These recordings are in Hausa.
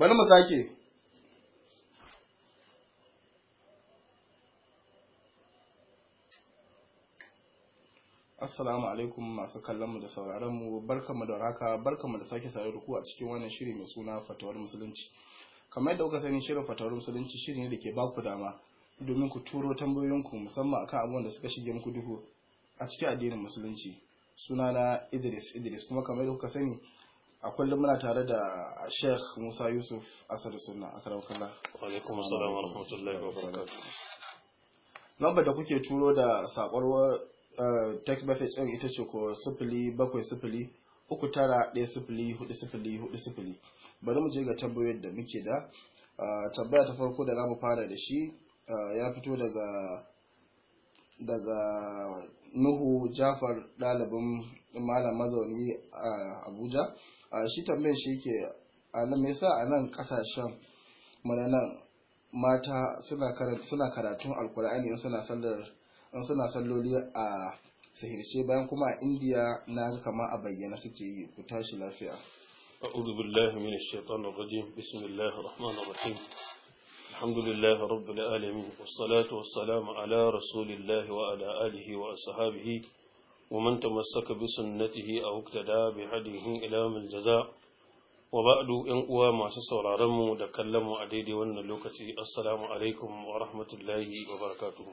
bari mu sake Assalamu alaikum masu kallonmu da sauraronmu barkanmu da raka barkanmu da sake sare da a cikin wannan shiri mai suna fatawar musulunci kamar yadda kuka sani shirin fatawar musulunci shiri ne da ke baku dama domin ku turo tambayoyinku musamman akan abubuwan da suka shige muku duhu a cikin addinin musulunci suna na Idris Idris kuma kamar yadda kuka sani a kullum muna tare da sheikh musa yusuf asar suna a karamkala alaikum lambar da kuke turo da sakon eh, text message din ita ce ko sifili bakwai sifili uku tara ɗaya sifili hudu sifili hudu sifili bari mu je ga tambayoyin da muke da eh, tambaya ta farko da zamu fara da shi eh, ya fito daga daga nuhu jafar ɗalibin malam mazauni a abuja a shi tambayin shi ke a nan mai sa a nan kasashen mana nan mata suna karatun alkur'ani in suna salloli a sahirce bayan kuma a indiya na ga kama a bayyana suke yi ku tashi lafiya أعوذ بالله من الشيطان الرجيم بسم الله الرحمن الرحيم الحمد لله رب العالمين والصلاة والسلام على رسول الله وعلى آله وأصحابه ومن تمسك بسنته أو اقتدى بهديه إلى من الجزاء وبعد إن قوى ما رمو دكلم أديدي ون لوكتي السلام عليكم ورحمة الله وبركاته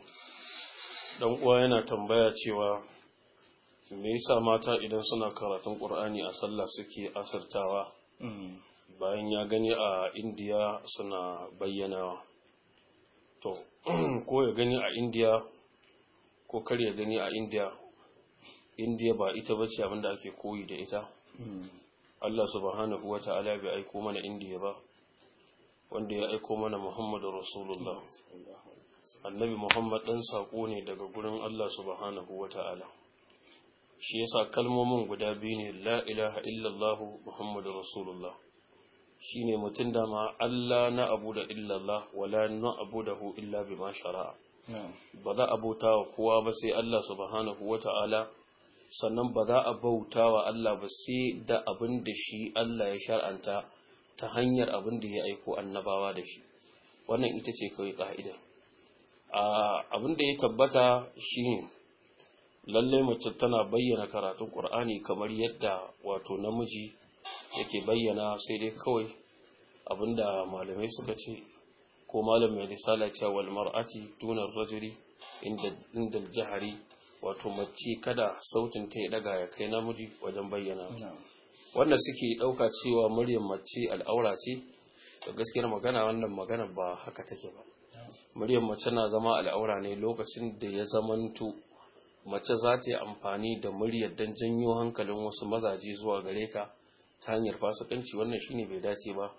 dan uwa yana tambaya cewa me yasa mata idan suna karatun Qur'ani a sallah suke asartawa bayan ya gani a Indiya suna bayyanawa to ko ya gani a Indiya ko kar ya gani a Indiya indiya ba ita ba ce abinda ake koyi da ita hmm. Allah subhanahu wa ta'ala bai aiko mana indiya ba wanda ya aiko mana muhammadu rasulullah annabi muhammad ɗan saƙo ne daga gurin Allah subhanahu wa ta'ala shi yasa kalmomin guda biyu ne la ilaha illallah muhammadu rasulullah shi ne mutum da ma Allah na abu da illallah wala na abu da hu illa bi ma shara'a hmm. ba za a bauta wa kowa ba sai Allah subhanahu wa ta'ala sannan ba za a bauta wa Allah ba sai da abin da shi Allah ya shar'anta ta hanyar abin da ya aiko annabawa da shi wannan ita ce kawai ka'ida abin da ya tabbata shine Lallai mace tana bayyana karatun ƙur'ani kamar yadda wato namiji yake bayyana sai dai kawai abin da malamai suka ce ko malamai da risala cewa wal tunar rajuli inda inda wato mace kada sautin ta ya daga ya kai namiji wajen bayyana wanda suke ɗauka cewa muryar mace al'aura ce da gaskiyar magana wannan magana ba haka take ba muryar mace na zama al'aura ne lokacin da ya zamanto mace za ta yi amfani da muryar don janyo hankalin wasu mazaje zuwa gare ka ta hanyar fasikanci wannan shine bai dace ba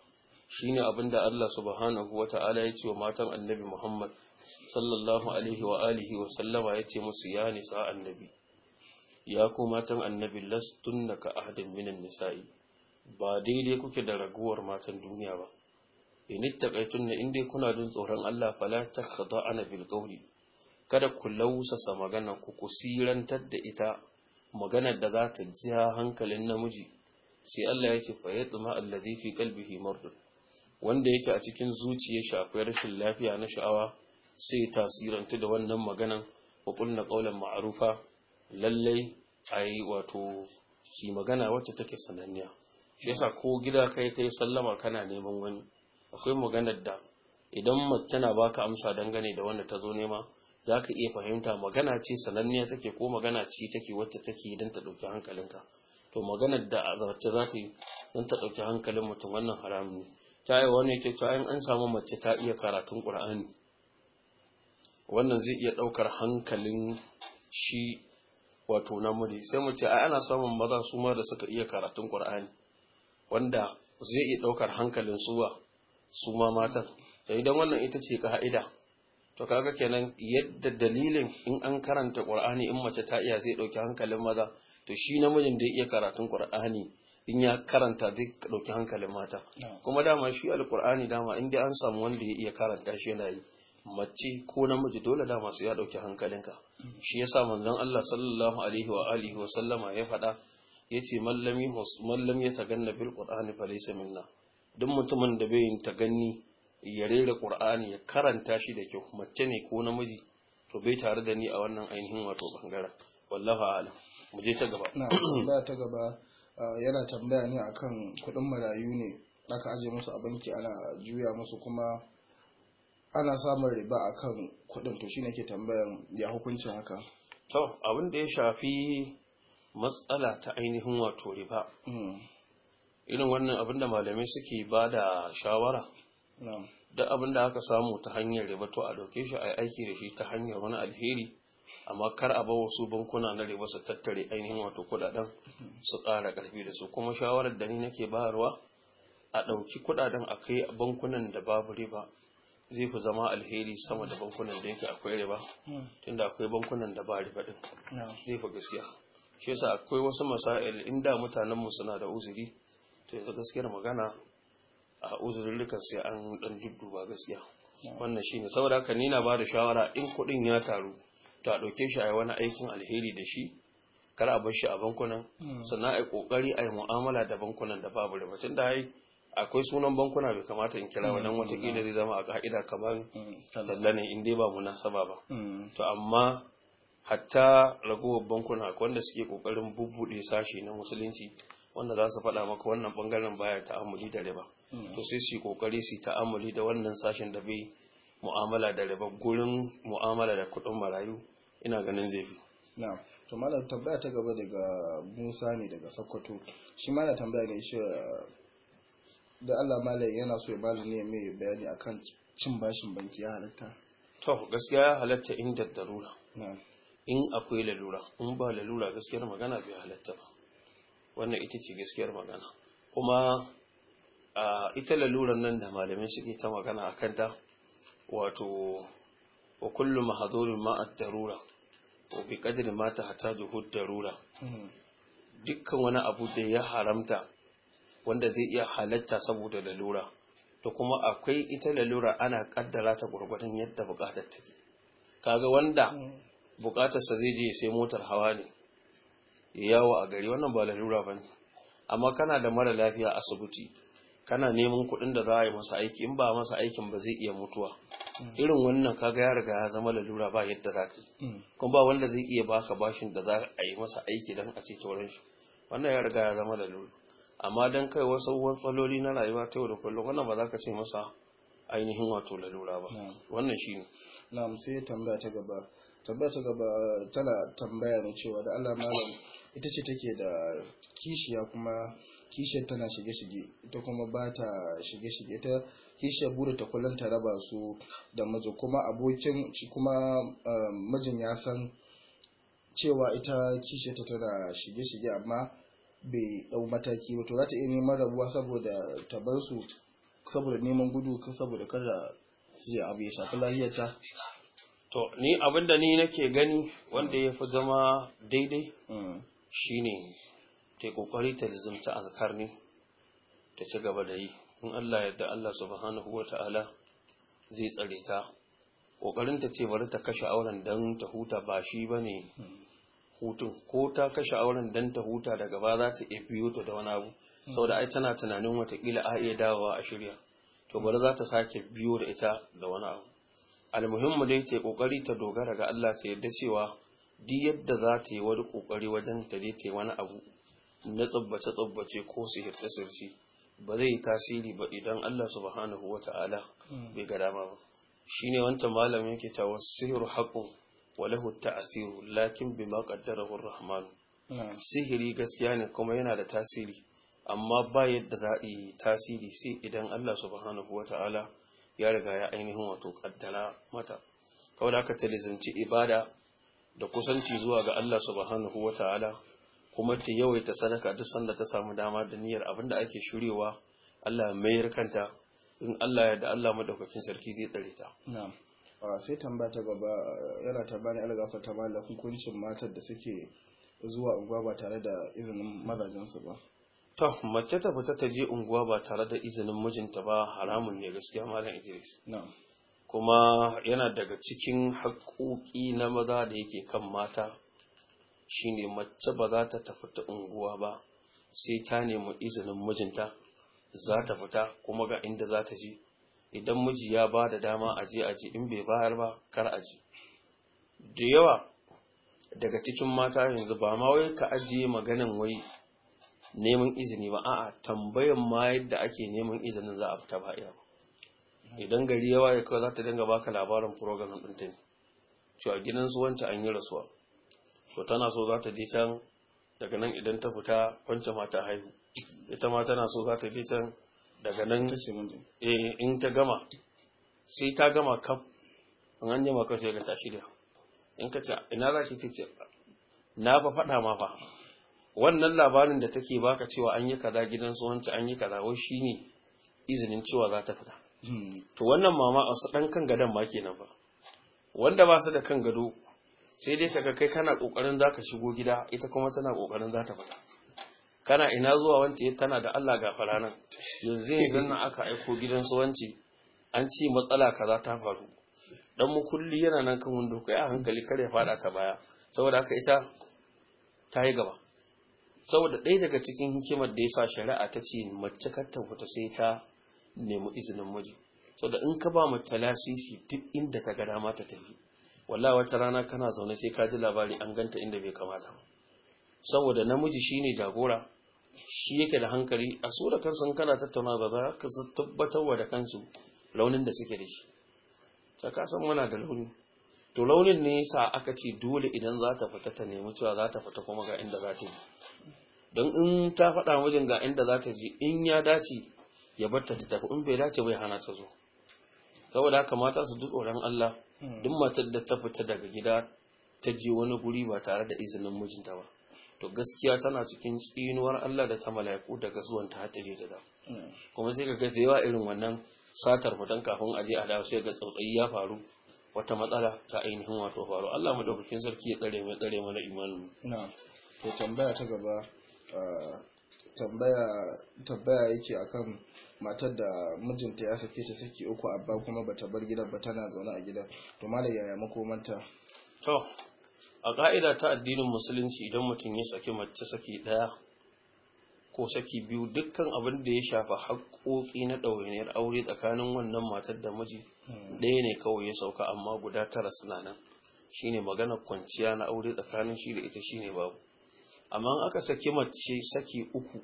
shine abinda Allah subhanahu wata'ala ya ce wa matan Annabi Muhammad sallallahu alaihi wa alihi wa sallama ya ce musu ya nisa annabi ya ku matan annabi lastunna ka ahadin minin nisa'i ba daidai kuke da raguwar matan duniya ba in ittaqaytunna in dai kuna jin tsoron Allah fala takhda'ana bil qawli kada ku lausasa magana ku kusirantar da ita maganar da za ta ja hankalin namiji sai Allah ya ce fa yatma allazi fi qalbihi mardun wanda yake a cikin zuciyar shi akwai rashin lafiya na sha'awa sai tasirantu da wannan maganan wa qulna qawlan ma'rufa lallai ai wato shi magana wacce take sananniya shi yasa ko gida kai kai sallama kana neman wani akwai maganar da idan mace na baka amsa dangane da wanda ta zo nema za ka iya fahimta magana ce sananniya take ko magana ce take wacce take idan ta ɗauki hankalinka to maganar da zarce za ta yi don ta ɗauki hankalin mutum wannan haramun ne ta yi wani ta yi an samu mace ta iya karatun ƙur'ani wannan zai iya ɗaukar hankalin shi wato namiji sai mu ce ai ana samun maza su ma da suka iya karatun Qur'ani wanda zai iya ɗaukar hankalin suwa su ma matan idan wannan ita ce ka'ida to kaga kenan yadda dalilin in an karanta Qur'ani in mace ta iya zai ɗauki hankalin maza to shi namijin da ya iya karatun Qur'ani in ya karanta zai ɗauki hankalin mata kuma dama shi alƙur'ani dama in dai an samu wanda ya iya karanta shi yana yi mace ko namiji dole da masu ya dauki hankalinka shi ya sa manzon Allah sallallahu alaihi wa alihi wa sallama ya faɗa yace mallami mallam ya taganna bil qur'ani fa laysa minna duk mutumin da bai yin taganni ya rera qur'ani ya karanta shi da kyau mace ne ko namiji to bai tare da ni a wannan ainihin wato bangaren wallahu a'lam mu je ta gaba na ta gaba ah, yana tambaya ne akan kuɗin marayu ne aka aje musu a banki ana juya musu kuma ana samun riba akan kuɗin to shine ke tambayan ya hukuncin haka to abin da ya shafi matsala ta ainihin wato riba hmm. irin wannan abin da malamai suke ba da shawara da abin da aka samu ta hanyar riba to a dauke shi a yi aiki da shi ta hanyar wani alheri amma kar a ba wasu bankuna na riba su tattare ainihin wato kudaden su ƙara karfi da su kuma shawarar da ni nake bayarwa a ɗauki kudaden a kai bankunan da babu riba zai fi zama alheri sama da bankunan da yake akwai riba hmm. tunda akwai bankunan da ba riba din zai fi gaskiya shi yasa akwai wasu masail inda mutanen mu suna da uzuri to yanzu gaskiyar magana a uzurrukan sai an dan dudduba gaskiya wannan shine saboda haka ni na bada shawara in kuɗin ya taru ta ɗauke shi a wani aikin alheri da shi kar a bar shi a bankunan hmm. sannan a yi kokari a yi mu'amala da bankunan da babu riba tunda ai akwai sunan bankuna bai kamata in kira mm, wannan mm, watakila mm. zai zama a ka'ida kamar talla ne in dai ba munasaba ba to amma hatta ragowar bankuna wanda suke kokarin bubbuɗe sashi na musulunci wanda za su faɗa maka wannan bangaren baya ta'amuli da riba to sai su yi kokari su ta'amuli da wannan sashen da bai mu'amala da riba gurin mu'amala da kuɗin marayu ina ganin zai fi to malam tambaya ta gaba daga Musa ne daga Sokoto shi mana tambaya ne shi da Allah malai yana so ya bani ne mai bayani akan cin bashin banki ya halatta to gaskiya ya halatta inda darura in akwai lalura in ba lalura gaskiyar magana bai halatta ba wannan ita ce gaskiyar magana kuma a ita laluran nan da malamin suke ta magana a kanta wato wa kullum mahadurin ma'ad darura wa bi kadri ma ta hata juhud darura mm-hmm. dukkan wani abu da ya haramta wanda zai iya halatta saboda lalura to kuma akwai ita lalura ana kaddara ta gurgurdan yadda bukatar take kaga wanda hmm. sa zai je sai motar hawa ne yawo a gari wannan ba lalura bane amma kana da mara lafiya asibiti kana neman kuɗin da za a yi masa aiki in ba masa aikin ba zai iya mutuwa hmm. irin wannan kaga ya riga ya zama lalura ba yadda za ka yi hmm. kuma ba wanda zai iya baka bashin da za a yi masa aiki don a ce tauran shi wannan ya riga ya zama lalura amma don kai wasu uwan tsaloli na rayuwa ta yau da kullum wannan ba za ka ce masa ainihin wato lalura ba wannan shi ne na musu yi tambaya ta gaba tambaya ta gaba tana tambaya na cewa da Allah malam ita ce take da kishiya kuma kishiyar tana shige-shige ita kuma ba ta shige-shige ta kishiyar buru ta kullum ta raba su da mazo kuma abokin shi kuma eh, mijin ya san cewa ita kishiyar ta tana shige-shige amma bai dau mataki ba to za ta iya neman rabuwa saboda ta bar su saboda neman gudu saboda kada su abu ya shafi lafiyarta to ni abinda ni nake gani wanda ya fi zama daidai mm. shine ta yi kokari ta zumta azkar ne ta ci gaba da yi in Allah yadda Allah subhanahu Ta'ala zai tsare ta kokarin ta ce bari ta kashe auren dan ta huta ba shi bane mm. hutun ko ta kashe auren dan ta huta daga ba za ta iya biyo ta da wani abu saboda ai tana tunanin watakila a iya dawowa a shirya to bari za ta sake biyo da ita da wani abu almuhimmu dai ta kokari ta dogara ga Allah ta yadda cewa duk yadda za ta yi wani kokari wajen ta je ta wani abu na tsabbace-tsabbace ko sihirce sirci ba zai yi tasiri ba idan Allah subhanahu Ta'ala. bai ga dama ba shine wancan malamin yake cewa sihiru haqqun walahu ta'asiru lakin bima qaddarahu rahman sihiri gaskiya ne kuma yana da tasiri amma ba yadda za a yi tasiri sai idan Allah subhanahu ta'ala ya riga ya ainihin wato kaddara mata kawai da aka talizanci ibada da kusanci zuwa ga Allah subhanahu ta'ala kuma ta yawaita sadaka duk sanda ta samu dama da niyyar abinda ake shirewa Allah mayar kanta in Allah ya da Allah madaukakin sarki zai tsare ta na'am sai tambaya ta gaba yana tambaya algafa ta mala hukuncin matar da suke zuwa unguwa ba tare da izinin mazajensu ba to mace ta fita ta je unguwa ba tare da izinin mijinta ba haramun ne gaskiya malam Idris kuma yana daga cikin haƙoƙi na maza da yake kan mata shine mace ba za ta tafi ta unguwa ba sai ta nemi izinin mijinta za ta fita kuma ga inda za ta je idan miji ya ba da dama a je a je in bai bayar ba kar a je. da yawa daga cikin mata yanzu ba ma wai ka ajiye maganin wai neman izini ba a'a tambayan ma yadda ake neman izinin za a fita ba iya idan gari yawa ya kawai za ta dinga baka labarin programin ɗin ta ne cewa gidan su wancan an yi rasuwa to tana so za ta je can daga nan idan ta fita wancan ma haihu ita ma tana so za ta je can daga nan eh, in ta gama sai ta gama kaf in an jima ka sai ka tashi da in ka ce ina za ki ce na ba faɗa ma fa wannan labarin da take baka cewa an yi kaza gidan tsohonta an yi kaza wai shine izinin cewa za ta fita hmm. to wannan mama a su ɗan kan gadon ma kenan ba wanda ba su da kan gado sai dai kaga kai kana kokarin zaka shigo gida ita kuma tana kokarin za ta fita kana ina zuwa wance eh, tana da Allah ga nan yanzu yanzu nan aka aiko gidan su wance an ci matsala kaza ta faru dan mu kulli yana nan kan wando kai a hankali kare ya fada ta baya saboda haka ita ta yi gaba saboda ɗaya daga cikin hikimar da yasa shari'a ta ce mace kar ta fita sai ta nemi izinin miji saboda in ka ba mace lasisi duk inda ta ga dama ta tafi wallahi wata rana kana zaune sai ka ji labari an ganta inda bai kamata ba saboda namiji shine jagora shi yake da hankali a su da kansu kana tattauna ba za ka tabbatarwa da kansu launin da suke da shi ta kasan muna da launi to launin ne sa aka ce dole idan za ta fita ta nemi cewa za ta fita kuma ga inda za ta yi don in ta faɗa mijin ga inda za ta je in ya dace ya bar ta tafi in bai dace bai hana ta zo saboda haka mata su duk tsoron Allah hmm. duk matar da ta fita daga gida ta je wani guri ba tare da izinin mijinta ba to gaskiya tana cikin tsinuwar Allah da ta mala'iku daga zuwan ta hatari da da hmm. kuma sai ka ga da yawa irin wannan satar mu dan kafin aje a dawo sai ga tsautsayi ya faru wata matsala ta ainihin wato faru Allah mu daukakin sarki ya tsare mu tsare mana imanin na to tambaya ta gaba tambaya tambaya yake akan matar da mijinta ya sake ta saki uku abba kuma bata bar gidan ba tana zaune a gidan to malai yaya makomanta to a ƙa'ida ta addinin musulunci idan mutum ya saki mace saki ɗaya ko saki biyu dukkan abin da ya shafa haƙoƙi na ɗawainiyar aure tsakanin wannan matar da miji hmm. ɗaya ne kawai ya sauka amma guda tara suna nan shine maganar kwanciya na aure tsakanin shi da ita shine babu amma aka saki mace saki uku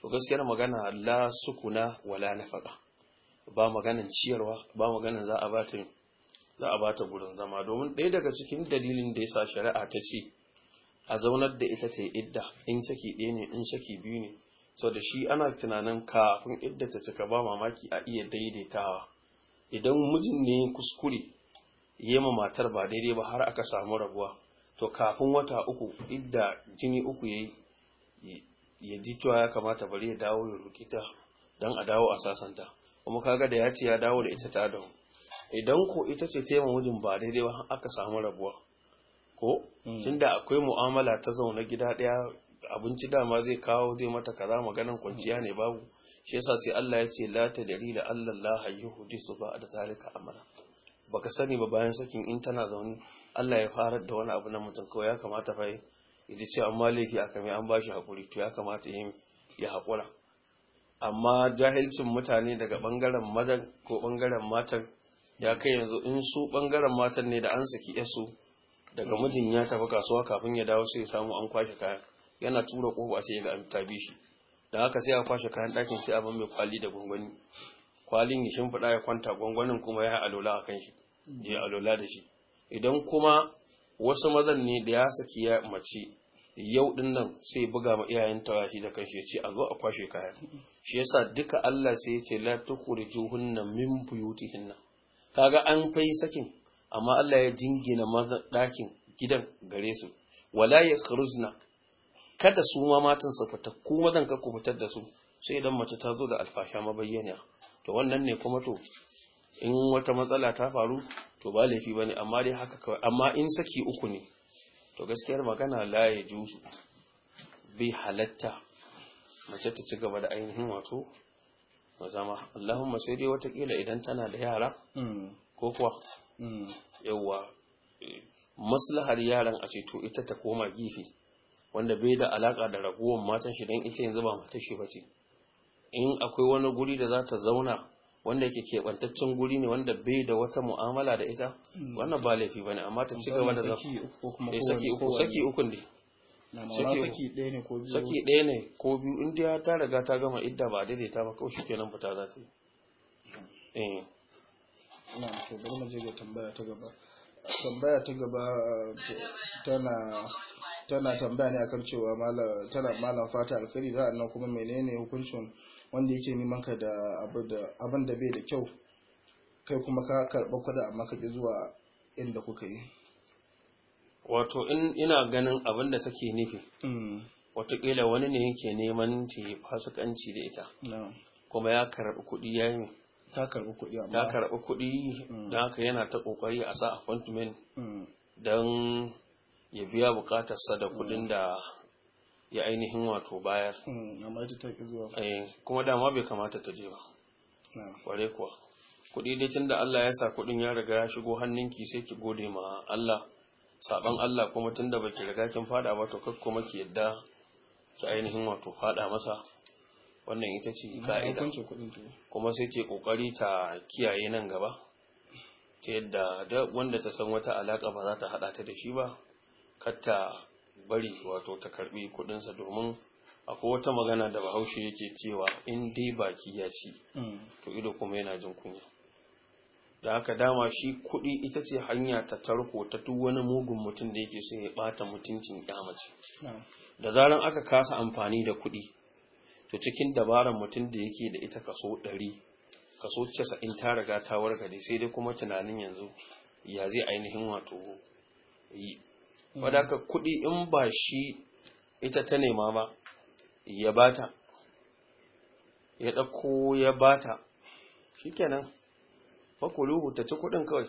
to gaskiyar magana la sukuna wala faɗa. ba maganan ciyarwa ba maganan za a ba ta za a bata gurin zama domin ɗaya daga cikin dalilin da ya sa shari'a ta ce a zaunar da ita ta yi idda in saki ɗaya ne in saki biyu ne sau da shi ana tunanin kafin idda ta cika ba mamaki a iya daidaitawa idan mijin ne kuskure ya ma matar ba daidai ba har aka samu rabuwa to kafin wata uku idda jini uku yi ya ji cewa ya kamata bari ya dawo ya rukita don a dawo a sasanta kuma kaga da ya ce ya dawo da ita ta dawo idan ko ita ce ta yi mijin ba daidai ba aka samu rabuwa ko hmm. tunda akwai mu'amala ta zaune gida daya abinci dama zai kawo zai mata kaza maganan kwanciya ne babu shi yasa sai Allah ya ce la dari da Allah la yuhdisu ba da zalika amara baka sani ba bayan sakin in tana zaune Allah ya farar da wani abu na mutum kawai ya kamata fa yaji ce amma laifi aka mai an bashi hakuri to ya kamata yin ya hakura amma jahilcin mutane daga bangaren mazan ko bangaren matan ya kai yanzu in su bangaren matan ne da an saki yasu daga mijin ya tafi kasuwa kafin ya dawo sai ya samu an kwashe kayan yana tura kofa sai ya ga an tabi shi da haka sai a kwashe kayan ɗakin sai abin mai kwali da gwangwani kwalin ya shimfiɗa ya kwanta gwangwanin kuma ya alola a kan shi alola da shi idan kuma wasu mazan ne da ya saki ya mace yau din nan sai buga ma iyayen tawashi da kanshi ya ce a zo a kwashe kayan shi yasa duka Allah sai ya ce la tukhrijuhunna min buyutihinna kaga an kai sakin amma Allah ya jingina maza ɗakin gidan gare su wala ya khuruzna kada su ma matan su fita ko madan ka ku fitar da su sai idan mace ta zo da alfasha mabayyana to wannan ne kuma to in wata matsala ta faru to ba laifi bane amma dai haka kawai amma in saki uku ne to gaskiyar magana la ya bai halatta mace ta ci gaba da ainihin wato ba zama Allahumma sai dai watakila idan tana da yara hmm. ko kuwa hmm. yawwa maslahar yaran a ce to ita ta koma gifi wanda bai da alaka da ragowar matan shi don ita yanzu ba matan shi bace in akwai wani guri da za ta zauna wanda yake keɓantaccen guri ne wanda bai da wata mu'amala da ita hmm. wannan ba laifi bane amma ta ci gaba da zama saki uku eh, saki uku ne saki ɗaya ne ko biyu saki ɗaya ne ko biyu in dai ta riga ta gama idda ba daidaita ba kawai shikenan fita za ta yi eh na to bari mu je ga tambaya ta gaba tambaya ta gaba tana tana tambaya ne akan cewa malam tana malam fata alkhairi za a nan kuma menene hukuncin wanda yake neman ka da abu da abin da bai da kyau kai kuma ka karɓa kuɗi amma ka ji zuwa inda kuka yi wato in ina ganin abin da take nufi mm. watakila wani ne yake neman ta yi fasikanci da ita kuma ya karɓi kuɗi ya yi ta karɓi kuɗi da mm. haka yana ta ƙoƙari a sa appointment mm. don ya biya bukatarsa da kuɗin da ya ainihin wato bayar eh, kuma dama bai kamata ta je ba kware kuwa kuɗi dai tun da Allah ya sa kuɗin ya riga ya shigo hannunki sai ki gode ma Allah saban Allah kuma tunda baki riga kin fada ba to kuma ki yadda ki ainihin wato fada masa wannan ita ce ka'ida kuma sai ke kokari ta kiyaye nan gaba ta yadda wanda ta san wata alaka ba za ta hada ta da shi ba kar ta bari wato ta karbi sa domin akwai wata magana da bahaushe yake cewa in dai baki ya ci mm. to ido kuma yana jin kunya da aka dama shi kuɗi ita ce hanya ta tarko ta duk wani mugun mutum da yake so ya bata mutuncin mace da zaran aka kasa amfani da kuɗi to cikin dabaran mutum da yake da ita kaso ɗari kaso casa'in ta riga ta wargade sai dai kuma tunanin yanzu ya zai ainihin wato yi wadaka mm. kuɗi in ba shi ita ta nema ba ya bata ya ɗauko ya bata shikenan fakuluhu ta ci kudin kawai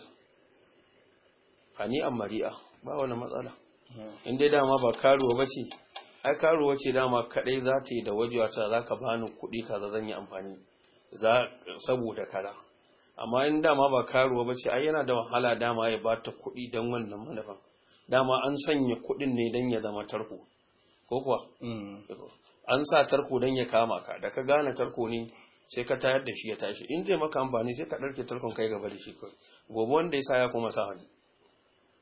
an mari'a ba wani matsala inda dama ba karuwa ba ce ai karuwa ce dama kadai za ta yi da wajewa ta za ka bani kudi kaza zan yi amfani saboda kaza amma in dama ba karuwa ba ce ai yana da wahala dama ya ba ta kudi don wannan manufan dama an sanya kudin ne don ya zama tarko ko kuwa mm. an sa tarko don ya kama ka da ka gane tarko ne sai ka tayar da shi ya tashi in zai maka amfani sai ka ɗarke tarkon kai gaba da shi kawai gobe wanda ya sa ya kuma sa hannu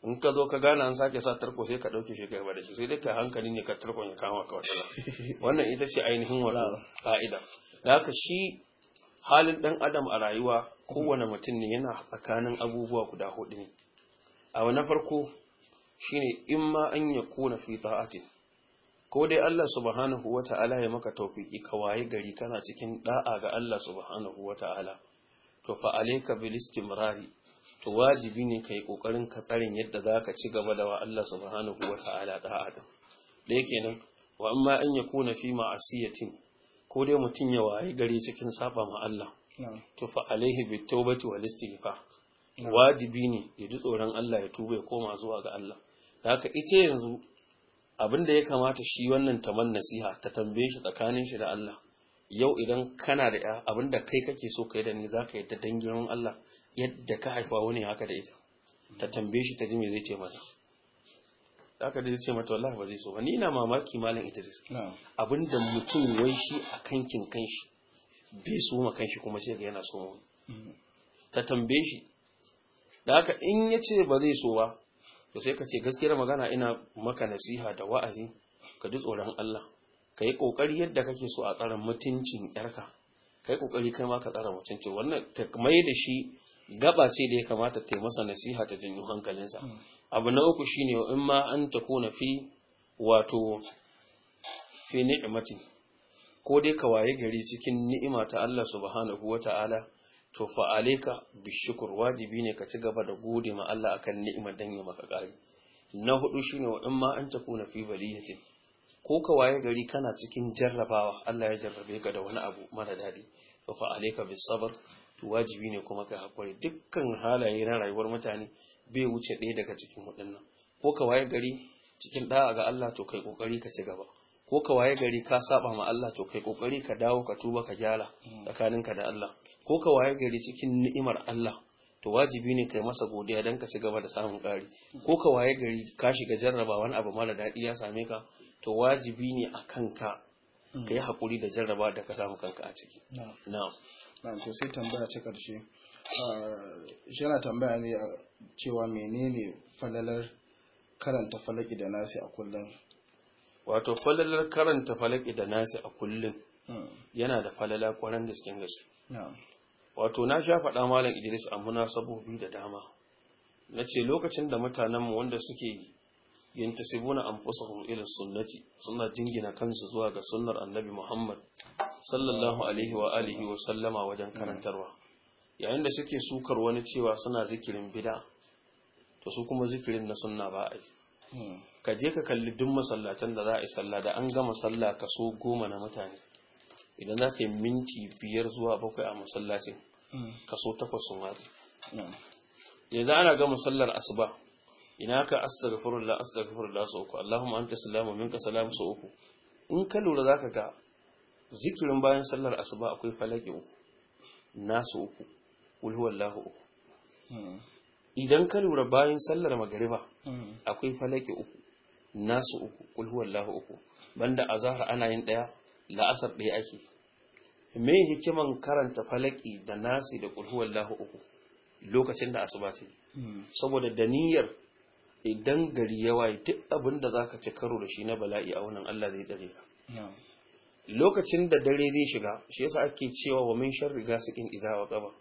in ka zo ka gana an sake sa tarko sai ka ɗauke shi gaba da shi sai dai ka hankali ne ka tarkon ya kama ka wata wannan ita ce ainihin wata ka'ida da haka shi halin ɗan adam a rayuwa kowane mutum ne yana tsakanin abubuwa guda hudu ne abu na farko shine in ma an ya kona fi ta'atin ko dai Allah subhanahu ta'ala ya maka tawfiki ka waye gari kana cikin da'a ga Allah subhanahu ta'ala, to fa alayka bil istimrari to wajibi ne kai kokarin ka tsarin yadda zaka ci gaba da wa Allah subhanahu ta'ala da'a da yake nan wa amma an yakuna fi ma'asiyatin ko dai mutun ya waye gari cikin saba ma Allah to fa alayhi bit tawbati wal istighfar wajibi ne ya ji tsoron Allah ya tuba ya koma zuwa ga Allah haka ita yanzu abin da ya kamata shi wannan taman nasiha ta tambaye shi tsakanin shi da Allah yau idan kana da abin da kai kake so kai da ni za ka yadda dangin Allah yadda ka haifa wani haka da ita ta tambaye shi ta ji me zai ce mata haka da zai ce mata wallahi ba zai so ba ni ina mamaki malam Idris abin da mutum wai shi a kankin kanshi bai so ma kanshi kuma sai ga yana so ta mm. tambaye shi da haka in yace ba zai so ba to sai ka ce gaskiyar magana ina maka nasiha da wa'azi ka ji tsoron Allah ka yi kokari yadda kake so a tsara mutuncin yarka ka yi kokari kai ma ka tsara mutuncin wannan ta mai da shi gaba ce da ya kamata ta masa nasiha ta janyo hankalinsa hmm. abu na uku shine in ma an ta kona fi wato fi ni'imati ko dai ka waye gari cikin ni'ima ta Allah subhanahu wata'ala to fa alayka wajibi ne ka ci gaba da gode ma Allah akan ni'imar dan ya maka kari na hudu shine wa in ma an kuna fi baliyati ko ka waye gari kana cikin jarrabawa Allah ya jarrabe ka da wani abu mara dadi fa fa alayka bis sabr to wajibi ne kuma ka hakuri dukkan halaye na rayuwar mutane bai wuce ɗaya daga cikin waɗannan ko ka waye gari cikin da'a ga Allah to kai kokari ka ci gaba ko ka waye gari ka saba ma Allah to kai kokari ka dawo ka tuba ka gyara tsakaninka da Allah ko ka waye gari cikin ni'imar Allah to wajibi ne kai masa godiya don ka ci gaba da samun ƙari ko ka waye gari ka shiga jarraba wani abu mara daɗi ya same ka to wajibi ne a kanka hmm. ka yi haƙuri da jarraba da ka samu kanka a ciki na'am na'am to sai tambaya ta ƙarshe ah, yana tambaya ne ah, cewa menene falalar karanta falaki da nasi a kullum wato falalar karanta falaki da nasi a kullum hmm. yana da falala kwaran gaske gaske wato na sha faɗa malam idris a sabobi da dama na ce lokacin da mutanenmu wanda suke yin tasibuna an fusahun ilin sunnati suna jingina kansu zuwa ga sunnar annabi muhammad sallallahu alaihi wa alihi wa sallama wajen karantarwa yayin da suke sukar wani cewa suna zikirin bida to su kuma zikirin na sunna ba a yi hmm. ka je ka kalli duk masallatan da za a yi sallah da an gama sallah kaso goma na mutane idan za ka yi minti biyar zuwa bakwai a masallacin Hmm. kaso takwas sun watsi hmm. yanzu ana ga sallar asuba ina ka astaghfirullah astaghfirullah sau uku allahumma anta salamu minka salamu sau uku in ka lura zaka ga zikirin bayan sallar asuba akwai falaki uku nasu uku kul huwallahu uku hmm. idan ka lura bayan sallar magariba akwai falaki uku nasu uku kul huwallahu uku banda azhar ana yin daya la'asar daya ake me hikiman karanta falaki da nasi da lahu uku lokacin da asuba hmm. saboda da niyyar idan gari ya waye duk abin da zaka ci karo da shi na bala'i a wannan Allah zai tsare ka lokacin da dare zai shiga shi yasa ake cewa wa min sharri gasikin iza wa qaba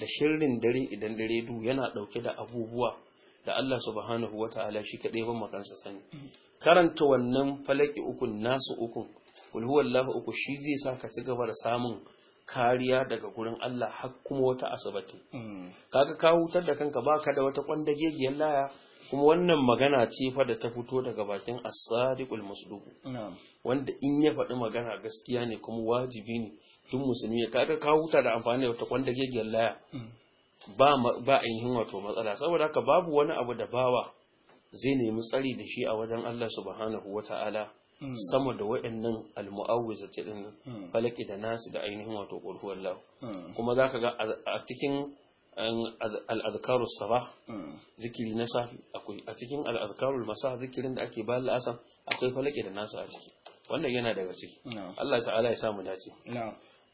da shirin dare idan dare du yana dauke da abubuwa da Allah subhanahu ala shi kadai ban makansa sani hmm. karanta wannan falaki ukun nasu ukun ulhuwallahu uku shi zai sa ka ci gaba da samun kariya daga gurin Allah har kuma wata asabati mm. kaga ka hutar da kanka baka da wata kwandagegiyar laya kuma wannan magana ce fa da ta fito daga bakin as-sadiqul musduq wanda in ya faɗi magana gaskiya ne kuma wajibi ne duk musulmi ya kaga ka huta da amfani da wata kwandagegiyar laya mm. ba ba ainihin wato matsala saboda haka babu wani abu da bawa zai nemi tsari da shi a wajen Allah subhanahu wataala Hmm. sama da wa'annan almu'awwiza ce din hmm. falaki da nasu da ainihin wato qurhuwar lahu hmm. kuma zaka ga a cikin al-azkarus sabah zikiri na safi akwai a cikin al-azkarul masa zikirin da ake bayan la'asar akwai falaki da nasu a ciki wannan yana daga ciki Allah ta'ala ya samu dace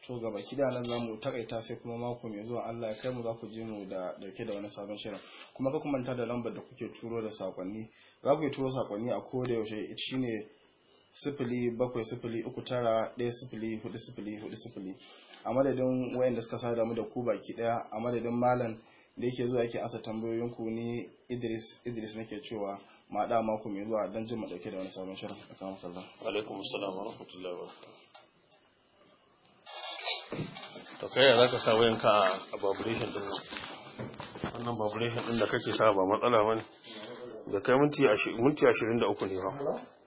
to ga baki da nan zamu takaita sai kuma mako mai zuwa Allah ya kai mu za ku je mu da dauke da wani sabon shirin kuma ka manta da lambar da kuke turo da sakonni za ku turo sakonni a koda yaushe shine sifili bakwai sifili uku tara ɗaya sifili hudu sifili hudu sifili a madadin wayanda suka sada mu da ku baki ɗaya a madadin malam da yake zuwa yake ansa tambayoyin ku ni idris idris nake cewa ma da mako mai zuwa don jin mu da wani sabon shirin a kama sallah alaikum assalam wa rahmatullahi wa to kai ya zaka sa wayanka a vibration din wannan vibration din da kake sa ba matsala bane da kai minti minti 23 ne ba